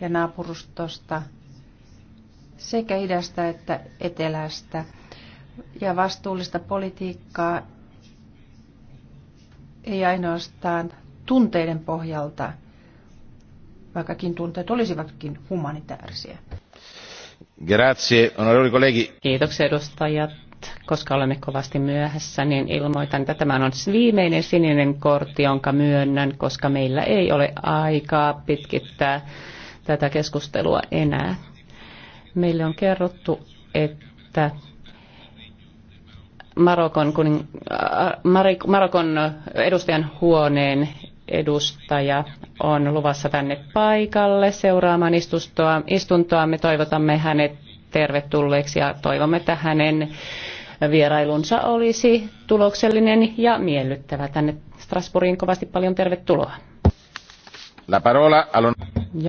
ja naapurustosta sekä idästä että etelästä ja vastuullista politiikkaa ei ainoastaan tunteiden pohjalta, vaikkakin tunteet olisivatkin humanitaarisia. Grazie, onorevoli kollegi. Kiitoksia edustajat. Koska olemme kovasti myöhässä, niin ilmoitan, että tämä on viimeinen sininen kortti, jonka myönnän, koska meillä ei ole aikaa pitkittää tätä keskustelua enää. Meille on kerrottu, että Marokon, kuning, äh, Marokon edustajan huoneen edustaja on luvassa tänne paikalle seuraamaan istustoa, istuntoa. Me toivotamme hänet tervetulleeksi ja toivomme, että hänen vierailunsa olisi tuloksellinen ja miellyttävä. Tänne Strasbourgiin kovasti paljon tervetuloa. La parola alun...